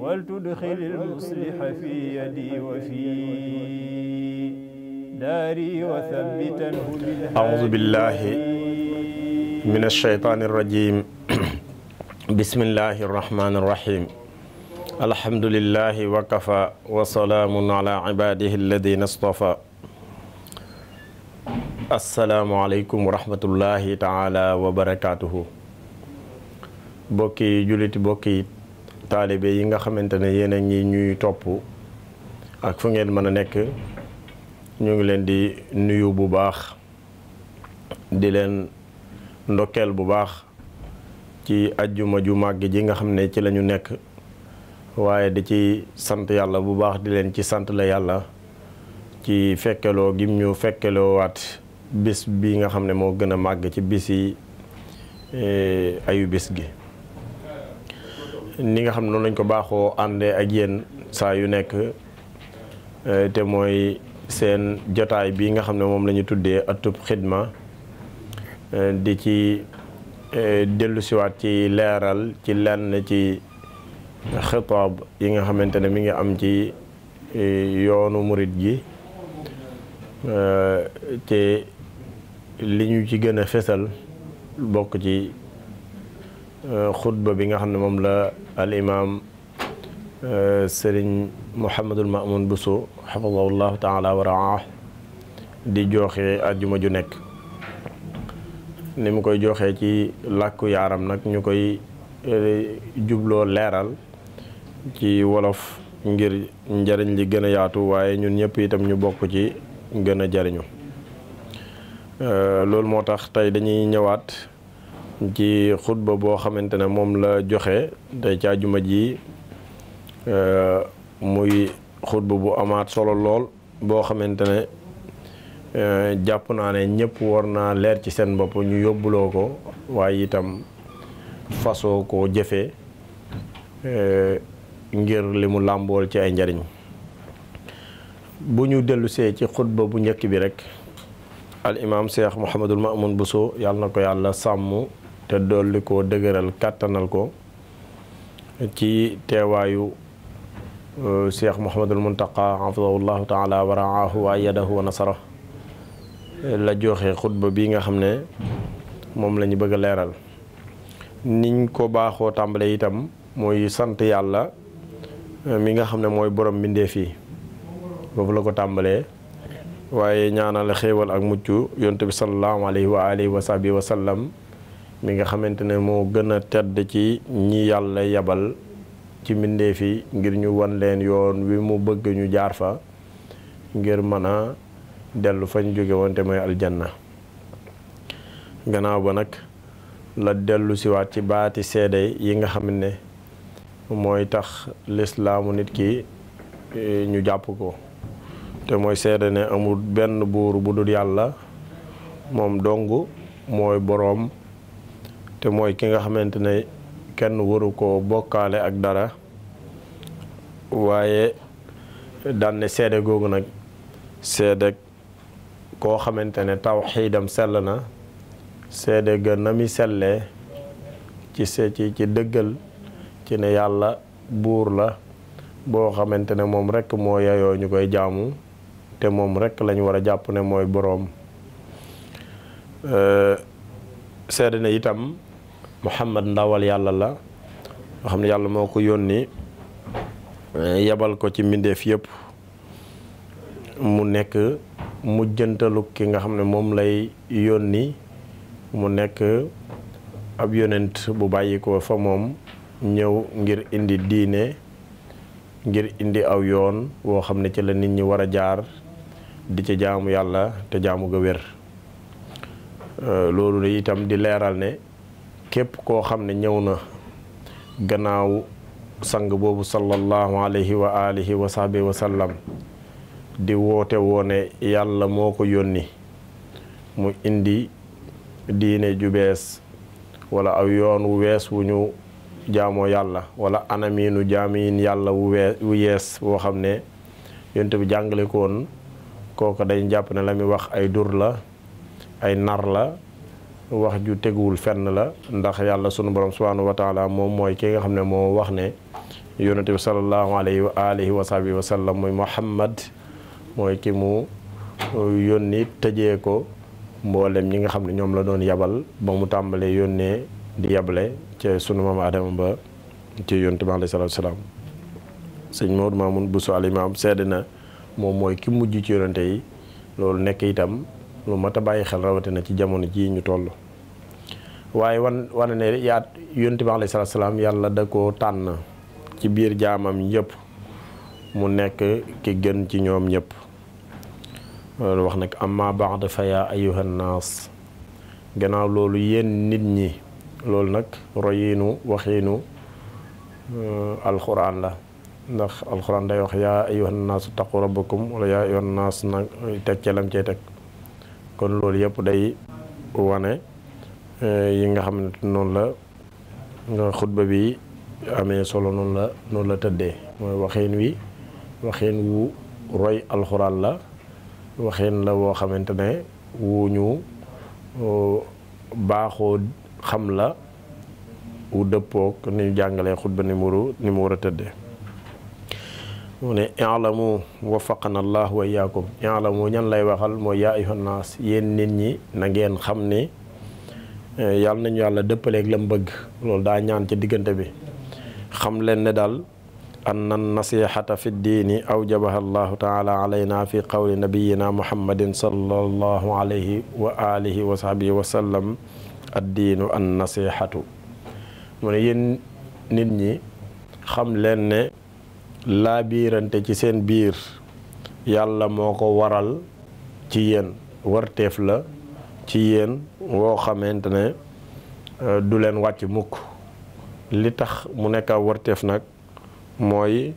ولتدخل المصلح في يدي وفي داري وثبتنه بالهادي أعوذ بالله من الشيطان الرجيم بسم الله الرحمن الرحيم الحمد لله وكفى وسلام على عباده الذين اصطفى asalaamualeykum wa rahmatullahi taala wa barakaatuhu bokki jullit bokki taalibe yi nga xamante ne yéen a ngi ñuy topp ak fu ngeen mën a nekk ñu ngi leen di nuyu bu baax di leen ndokkeel bu baax ci ajjuma ju màgg ji nga xam ne ci lañu nekk waaye di ci sant yàlla bu baax di leen ci sant la yàlla ci fekkeloo gi ñu fekkeloo waat bis bi nga xam ne moo gën a màgg ci bis yi eh, ayu bis gi ni nga xam ne noonu lañ ko baaxoo àndee ak yéen saa yu nekk euh, te mooy seen jotaay bi nga xam ne moom la ñu tuddee atub xidma euh, di ci euh, dellusiwaat ci leeral ci lenn ci xitaab yi nga xamante ne mi ngi am ci yoonu murit gi te li ñu ci gën a fesal bokk ci Euh, xutba bi nga xam ne moom la al imaam euh, sëriñ Mouhamadul Mamoun Bousso xafadahullahu taala wa raah di jooxe àjjuma ju nekk ni mu koy joxee ci làkku yaaram nag ñu koy euh, jubloo leeral ci wolof ngir njariñ li gën a yaatu waaye ñun ñëpp itam ñu bokk ci gën a jariñu loolu moo tax tey dañuy ñëwaat ci xutba boo xamante ne moom la joxe tey ca àjjuma ji euh, muy xutba bu amaat solo lool boo xamante ne euh, jàpp naa ne ñëpp war naa leer ci seen bopp ñu yóbbuloo ko waaye itam fasoo koo jëfee euh, ngir li mu làmbool ci ay njariñ bu ñu dellusee ci xutba bu njëkk bi rek al imaam Cheikh Mouhamadul Mamoun Bousso yàlla na ko yàlla sàmm te dolli ko dëgëral kàttanal ko ci teewaayu euh, cheikh Mouhamadul Muntaqa hafidahullahu taala wa raahu wa nasara la joxe xutba bi nga xam ne moom la bëgg a leeral niñ ko baaxoo tàmbale itam mooy sant yàlla euh, mi nga xam ne mooy borom mbindeef yi foofu la ko tàmbalee waaye ñaanal xéewal ak mucc yontu bi sallallahu alayhi wa alihi wa sahbihi wa sallam mi nga xamante ne moo gën a tedd ci ñi yàlla yebal ci mbindeef yi ngir ñu wan leen yoon wi mu bëgg ñu jaar fa ngir mën a dellu fañ jóge wante mooy aljanna gannaaw ba nag la dellusiwaat ci baati seede yi nga xam ne mooy tax lislaamu nit ki e, ñu jàpp ko te mooy seede ne amul benn buur bu dul yàlla moom dong mooy boroom te mooy ki nga xamante ne kenn waru koo bokkaale ak dara waaye daan ne seede googu nag seede koo xamante ne taw tawxiidam sell na seede gën na mi sellee ci se ci ci dëggal ci ne yàlla buur la boo xamante ne moom rekk moo yayoo ñu koy jaamu te moom rekk lañu war a jàpp ne mooy boroom euh, seede na itam mu Muhammad ndawal yàlla la nga ne yàlla moo ko yónni eh, yebal ko ci mbindeef yëpp mu nekk mujjantalu ki nga xam ne moom lay yónni mu nekk ab yonent bu bàyyi ko fa moom ñëw ngir indi diine ngir indi aw yoon woo xam ne ci la nit ñi war a jaar di ca jaamu yàlla te jaamu ga wér eh, loolu itam di leeral ne képp koo xam ne ñëw na gannaaw sang boobu sallallahu alayhi wa alihi wa sahbihi wa di woote woone yàlla moo ko yónni mu indi diine ju bees wala aw yoon wu wees wu ñu jaamoo yàlla wala anamiinu jaamiin yàlla wu wee woo xam ne yonte bi jàngale ko woon kooku dañ jàpp ne la muy wax ay dur la ay nar la wax ju teguwul fenn la ndax yàlla sunu borom subhaanahu wa taala moom mooy ki nga xam ne moo wax ne yonente bi sallallahu alayhi wa alihi wa sahbihi wa sallam muy muhammad mooy ki mu uh, yónni tëjee ko mboolem ñi nga xam ne ñoom la doon yabal ba mu tàmbalee yónnee di yabale ca sunu maam Adama ba ci yonente bi alayhi salaatu sëñ Maodo Mamoun Bousso na moom mooy ki mujj ci yonente yi loolu nekk itam lu mat a bàyyi xel rawatina ci jamono jii ñu toll waaye wan wane ne yaa yonent bi alayhi yàlla da koo tànn ci biir jaamam yëpp mu nekk ki gën ci ñoom ñëpp wax nag amma ba'da fa yaa ayyuhan naas gannaaw loolu yéen nit ñi loolu nag royiinu waxiinu euh, alxuraan la ndax alxuraan day wax yaa ayyuhan naasu taqu rabbakum wala yaa ayyuhan naas nag teg ca cee teg kon loolu yëpp day wane eh, yi nga xam noonu la nga xutba bi amee solo noonu la noonu la tëddee mooy waxeen wi waxeen wu roy alxuraan la waxeen la woo xamante ne wu ñu baaxoo xam la wu dëppook ni ñu jàngalee xutba ni mu ni mu war a tëddee mu ne i'lamu na allah wa iyaakum i'lamu ñan lay waxal mooy yaa ayyuhan naas yéen nit ñi na ngeen xam ne eh, yàlla nañu yàlla dëppaleeg lam bëgg loolu daa ñaan ci diggante bi xam leen ne daal na nasihata fi diini awjabaha allahu taala alayna fi qawli nabiyina muhammadin sallallahu alayhi wa alihi wa sahbihi wa sallam addiinu an nasihatu mu ne yéen nit ñi xam leen ne laa biirante ci seen biir yàlla moo ko waral ci yéen warteef la ci yéen woo xamante ne euh, du leen wàcc mukk li tax mu nekk warteef nag mooy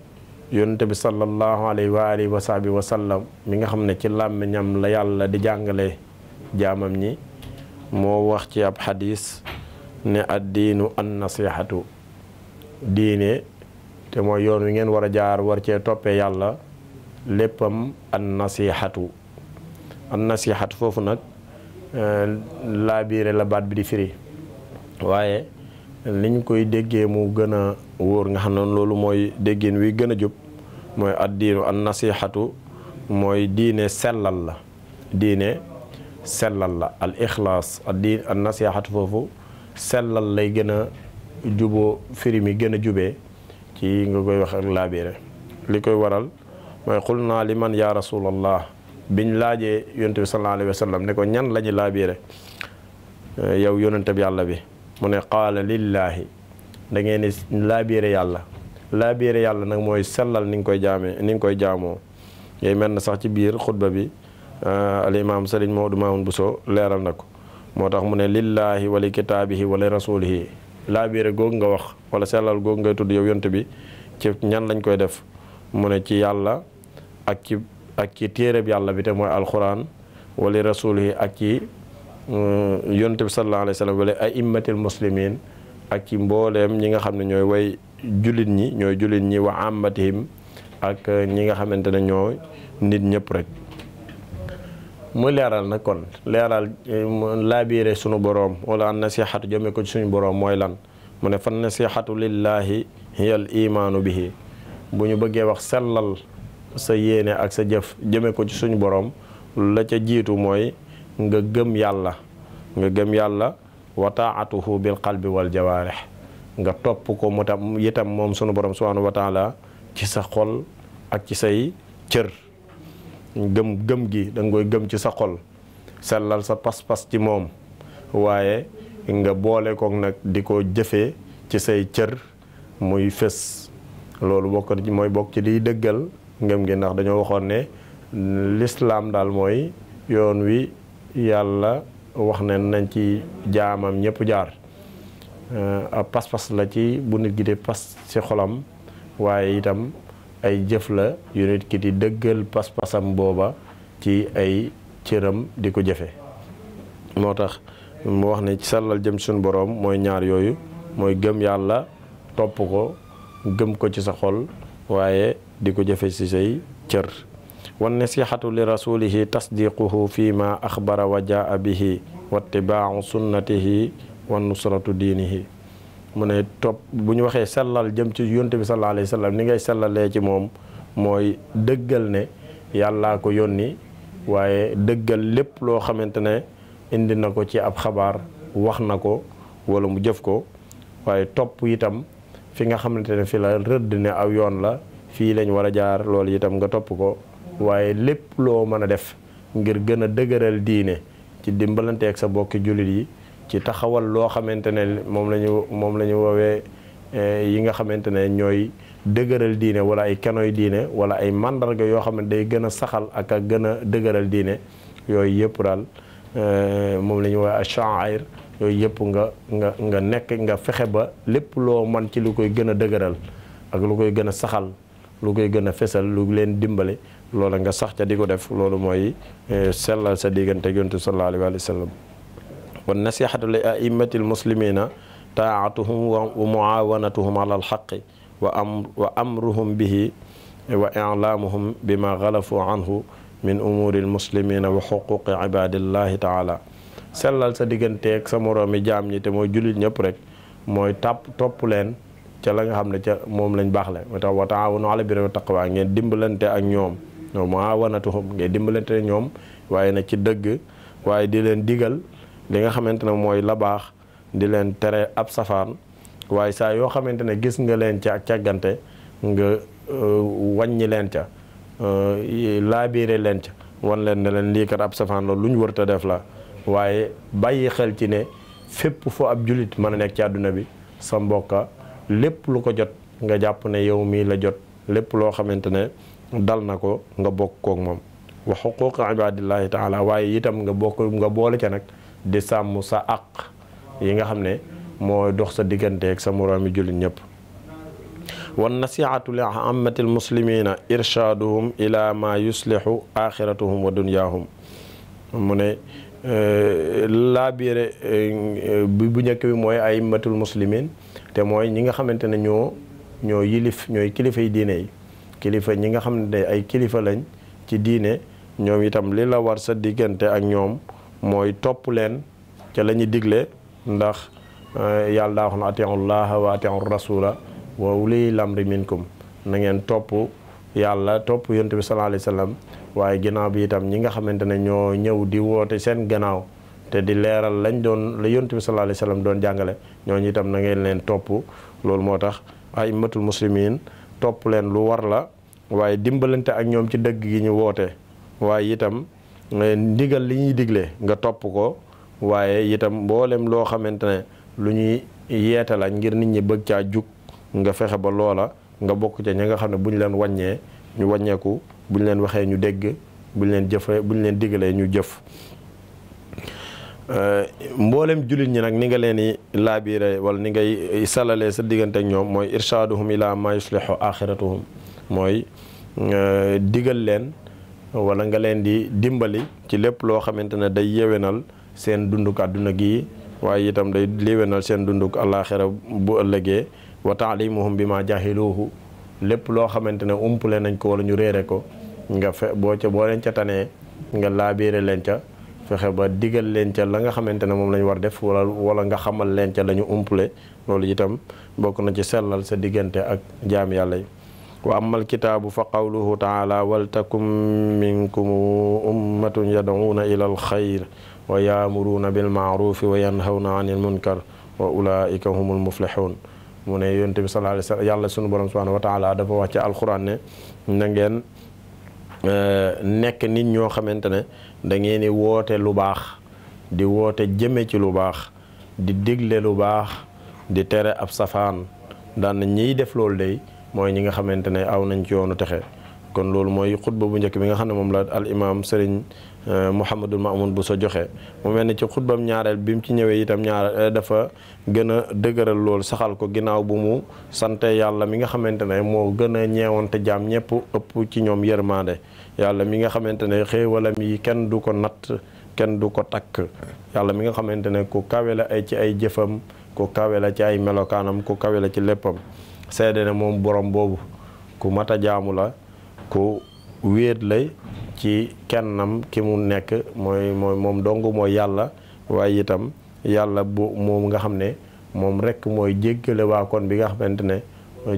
yonente bi sallallahu alayhi wa alihi wa sahbi wa sallam mi nga xam ne ci làmmiñam la yàlla di jàngale jaamam ñi moo wax ci ab xadis ne ad diinu an nasihatu diine te mooy yoon wi ngeen war a jaar war cee toppee yàlla léppam an nasihatu an nasihatu foofu nag euh, laabiire la baat bi di firi waaye liñ koy déggee mu gën a wóor nga xam ne loolu mooy déggin wi gën a jub mooy ad diinu an mooy diine sellal la diine sellal la al ixlaas ad diin foofu sellal lay gën a juboo firi mi gën a jubee ci nga koy wax ak li koy waral mooy xul naa li man yaa rasulallah biñ laajee yonent bi sallallahu alayhi wa sallam ne ko ñan la ñu yow yonentab yàlla bi mu ne qaala lillaahi dangeen ngeen ni laabire yàlla laabire yàlla nag mooy sellal ni nga koy jaamee ni nga koy jaamoo yooyu mel na sax ci biir xutba bi euh, al imaam Sëriñ Maodo Mamoun Bousso leeral na ko moo tax mu ne lillaahi wa li kitaabihi wa li rasulihi laabire googu nga wax wala sellal googu ngay tudd yow yont bi ci ñan lañ koy def mu ne ci yàlla ak ci ak ci téereb yàlla bi te mooy alxuraan alquran wala yi ak ci euh, yont bi sallallahu alayhi wa sallam wala aimmatil ak ci mbooleem ñi nga xam ne ñooy way jullit ñi ñooy jullit ñi wa ammatihim ak euh, ñi nga xamante ne ñoo nit ñëpp rek mu leeral nag kon leeral eh, laabiire sunu boroom wala an nasihatu jëme ko ci suñu boroom mooy lan mu ne fan nasihatu lillaahi hiyal imaanu bihi bu ñu bëggee wax sellal sa yéene ak sa jëf jëme ko ci suñu boroom la ca jiitu mooy nga gëm yàlla nga gëm yàlla wa taatuhu bil qalbi wal jawaarih nga topp ko mu tam yitam moom sunu boroom subhaanahu wa taala ci sa xol ak ci say cër gëm gëm gi da koy gëm ci sa xol sellal sa pas-pas ci moom waaye nga boole kook nag di ko jëfee ci say cër muy fés loolu bokk mooy bokk ci di dëggal ngëm gi ndax dañoo waxoon ne lislaam daal mooy yoon wi yàlla wax ne nañ ci jaamam ñëpp jaar euh, ab pas-pas la ci bu nit gi di pas ci xolam waaye itam ay jëf la yu nit ki di dëggal pas-pasam booba ci ay cëram di ko jëfe moo tax mu wax ne sellal jëm suñu boroom mooy ñaar yooyu mooy gëm yàlla topp ko gëm ko ci sa xol waaye di ko jëfe ci say cër wan nasihatu li rasulihi tasdiquhu fi ma axbara wa jaa bihi wa ittibaau sunnatihi wa nusratu diinihi mu ne topp bu ñu waxee sellal jëm ci yonte bi sallallahu alayhi ni ngay sellalee ci moom mooy dëggal ne yàllaa ko yónni waaye dëggal lépp loo xamante ne indi na ko ci ab xabaar wax na ko wala mu jëf ko waaye topp itam fi nga xamante ne fi la rëdd ne aw yoon la fii lañ war a jaar loolu itam nga topp ko waaye lépp loo mën a def ngir gën a dëgëral diine ci ak sa bokki jullit yi ci taxawal loo xamante ne moom la ñu moom la ñu woowee eh, yi nga xamante ne ñooy dëgëral diine wala ay kenoy diine wala ay màndarga yoo xam ne day gën a saxal ak a gën a dëgëral diine yooyu yëpp daal eh, moom la ñu woowee achair yooyu yëpp nga nga nga nekk nga fexe ba lépp loo man ci lu koy gën a dëgëral ak lu koy gën a saxal lu koy gën a fesal lu leen dimbali loolu nga sax ca di ko def loolu mooy eh, sellal sa diggante yonent sallallahu alayhi wa sallam wa nasihatu li a'immati almuslimina taa'atuhum wa muawanatuhum ala alxaqi wa am wa amruhum bihi wa i'laamuhum bima xalafu anhu min umuuri almuslimina wa xuquqi ibadillahi taala sellal sa digganteeg sa moroomi jaam ñi te mooy jullit ñëpp rek mooy tapp topp leen ca la nga xam ne ca moom lañ baax le moo tax wa taawanu ala birri wa ngeen dimbalante ak ñoom ñoom muawanatuhum ngeen dimbalante ñoom waaye nag ci dëgg waaye di leen digal li nga xamante ne mooy la baax di leen tere ab safaan waaye saa yoo xamante ne gis nga leen ca ak càggante nga euh, wàññi leen ca euh, laabiire leen ca wan leen ne leen lii kat ab safaan la lu ñu wërta def la waaye bàyyi xel ci ne fépp fo ab jullit mën a nekk ci àdduna bi sa mbokka lépp lu ko jot nga jàpp ne yow mii la jot lépp loo xamante ne dal na ko nga bokk koog moom wa xuquuqa ibadillahi taala waaye itam nga bokk nga boole ca nag di sàmm sa àq yi nga xam ne moo dox sa diggante ak sa moroomi jullit ñëpp wan nasiihatu li ammatil muslimina irshaaduhum ila ma yuslihu axiratuhum wa dunyaahum mu ne euh, laabiire bi euh, bu njëkk bi mooy ay matul te mooy ñi nga xamante ne ñoo ñoo ñooy kilifa yi kilifa ñi nga xam ne ay kilifa lañ ci diine ñoom itam li la war sa diggante ak ñoom mooy topp leen ca la ñu digle ndax eh, yàlla daa wax na atiiwu llaaha wa atiiwu rasuula wa ulil amri minkum na ngeen topp yàlla topp yonent bi sallallaahu alayhi wa sallam waaye ginnaaw bi itam ñi nga xamante ne ñoo ñëw di woote seen gannaaw te di leeral lañ doon la yonent bi sallallaahu alayhi wa sallam doon jàngale ñooñ itam na ngeen leen topp loolu moo tax aimmatul muslimin topp leen lu war la waaye dimbalante ak ñoom ci dëgg gi ñu woote waaye itam ndigal li ñuy digle nga topp ko waaye itam mboolem loo xamante ne lu ñuy yeete la ngir nit ñi bëgg caa jug nga fexe ba loola nga bokk ca ña nga xam ne bu ñu leen wàññee ñu wàññeeku bu ñu leen waxee ñu dégg bu ñu leen jëfee bu leen digalee ñu jëf. Euh, mboolem jullit ñi nag ni nga leen di laabiire wala ni ngay salalee sa diggante ak ñoom mooy irshaaduhum ilaa maa yuslihu axiratuhum mooy euh, digal leen. wala nga leen di dimbali ci lépp loo xamante ne day yewenal seen dunduk àdduna gi waaye itam day liwenal seen dunduk àllaaxira bu ëllëgee wa taalimuhum bi ma jahiluhu lépp loo xamante ne umpule nañ ko wala ñu réere ko nga fe boo ca boo leen ca tanee nga laabiire leen ca fexe ba digal leen ca la nga xamante ne moom la ñu war def wala wala nga xamal leen ca la ñu umpule loolu itam bokk na ci sellal sa diggante ak jaam yàlla yi wa amal kitaabu fa qawluhu taala waltakum minkum ummatun yad'uuna ila alxayr wa yaamuruuna bilmaarufi wa yanhawna anil munkar wa ulaika humul muflixuun mu ne yonent bi sallallahu yàlla sunu borom subhanahu wa taala dafa wax ci alquran ne na e, nekk nit ñoo xamante ne da di woote lu baax di woote jëme ci lu baax di digle lu baax di tere ab safaan daan ñiy def loolu day mooy ñi nga xamante ne aw nañ ci yoonu texe kon loolu mooy xutba bu njëkk bi nga xam ne moom la al imaam Serigne euh, Mouhamadul Mamoun bu sa joxe mu mel ni ci xutbam ñaareel bi mu ci ñëwee itam ñaareel euh, dafa gën a dëgëral loolu saxal ko ginnaaw bu mu sante yàlla mi nga xamante ne moo gën a ñeewante jaam ñëpp ëpp ci ñoom yërmande yàlla mi nga xamante ne xéewalam yi kenn du ko natt kenn du ko takk yàlla mi nga xamante ne ku kawe la ay ci ay jëfam ku kawe la ci ay melokaanam ku kawe la ci léppam. sedd na moom borom boobu ku mat a jaamu la ku wéet la ci kennam ki mu nekk mooy mooy moom dong mooy yàlla waaye itam yàlla bu moom nga xam ne moom rekk mooy jéggale waa kon bi nga xamante ne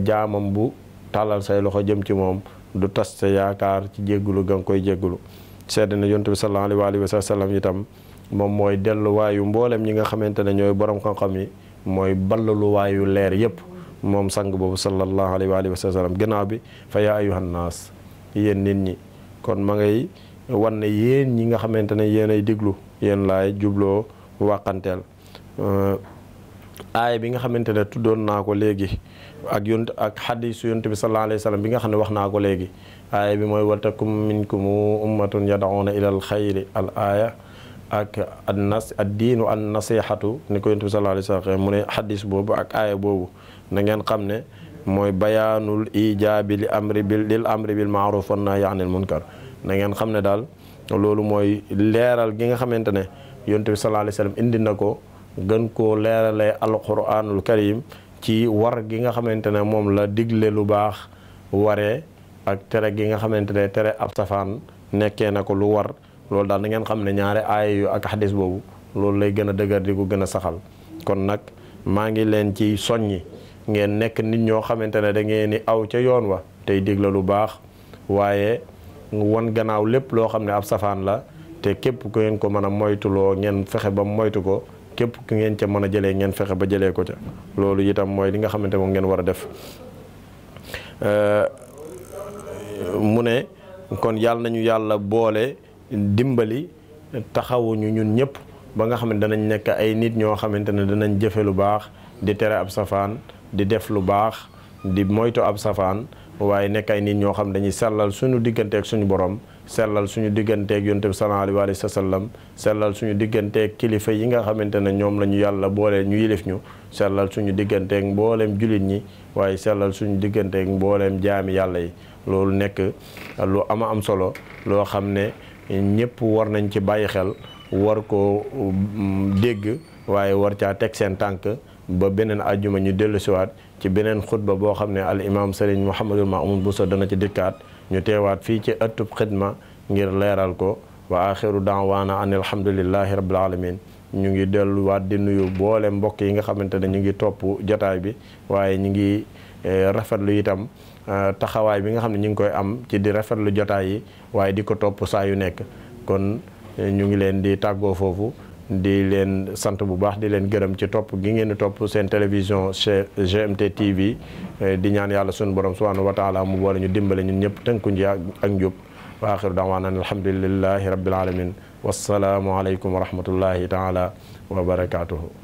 jaamam bu tàllal say loxo jëm ci moom du tas sa yaakaar ci jéggulu ga nga koy jéggulu sedd na yontu bi sallallahu alayhi wa sallam itam moom mooy delluwaayu mbooleem ñi nga xamante ne ñooy borom xam-xam yi mooy ballaluwaayu leer yépp moom sang boobu sallallahu alayhi wa alihi wa sallam gannaaw bi fa yaa ayuhan naas yéen nit ñi kon ma ngay wan ne ñi nga xamante ne yéen ay déglu yéen laay jubloo wàqanteel aaya bi nga xamante ne tuddoon naa ko léegi ak yont ak xadisu yont bi sallallahu alayhi wa bi nga xam ne wax naa ko léegi aaya bi mooy waltakum minkum ummatun yad'una ilal xayri al aaya ak ad nas ad diinu a nasihatu ni ko yonent bi sallallahu alayhi wasallam mu ne xadis boobu ak aaya boobu na ngeen xam ne mooy bayaanul ijaabi li amri bil lil amri bil maaruf wan nahyi anil munkar na ngeen xam ne daal loolu mooy leeral gi nga xamante ne yonent bi sallallahu alayhi wasallam indi na ko gën koo leeralee alquranul karim ci war gi nga xamante ne moom la digle lu baax waree ak tere gi nga xamante ne tere ab safaan nekkee na ko lu war loolu daal da ngeen xam ne ñaari aaya yu ak xadis boobu loolu lay gën a dëgër di ko gën a saxal kon nag maa ngi leen ci soññi ngeen nekk nit ñoo xamante ne da ngeen ni aw ca yoon wa tey digle lu baax waaye wan gannaaw lépp loo xam ne ab safaan la te képp ku ngeen ko mën a moytuloo ngeen fexe ba moytu ko képp ku ngeen ca mën a jëlee ngeen fexe ba jëlee ko ca loolu itam mooy li nga xamante moom ngeen war a def euh, mu ne kon yàlla nañu yàlla boole dimbali taxawuñu ñun ñëpp ba nga xam ne danañ nekk ay nit ñoo xamante ne danañ jëfe lu baax di tere ab safaan di def lu baax di moytu ab safaan waaye nekk ay nit ñoo xam dañuy sellal suñu digganteek suñu borom sellal suñu digganteeg yonte bi sallallahu alayhi wa sallam sellal suñu digganteeg kilifa yi nga xamante ne ñoom la ñu yàlla boole ñu yilif ñu sellal suñu digganteek mbooleem jullit ñi waaye sellal suñu digganteek mbooleem jaami yàlla yi loolu nekk lu ama am solo loo xam ne ñëpp war nañ ci bàyyi xel war ko mm, dégg waaye war caa teg seen tànk ba beneen ajjuma ñu dellusiwaat ci beneen xutba boo xam ne al imam Serigne Mouhamadul Mamoun Bousso dana ci dikkaat ñu teewaat fii ci ëttub xidma ngir leeral ko wa axiru daawaana an alhamdulillahi rabbil alamin ñu ngi delluwaat di nuyu boole mbokk yi nga xamante ne ñu ngi topp jataay bi waaye ñu ngi eh, rafetlu itam Euh, taxawaay bi nga xam ne ñu ngi koy am ci di rafetlu jotaay yi waaye di ko topp saa yu nekk kon euh, ñu ngi leen di tàggoo foofu di leen sant bu baax di leen gërëm ci topp gi ngeen di topp seen télévision GMT TV euh, di ñaan yàlla sunu borom subhanahu wa taala mu boole ñu dimbale ñun ñëpp tënku nji ak njub wa axiru daawaana alhamdulillahi rabbil alamin wassalaamu aleykum wa rahmatullahi taala wa barakatuhu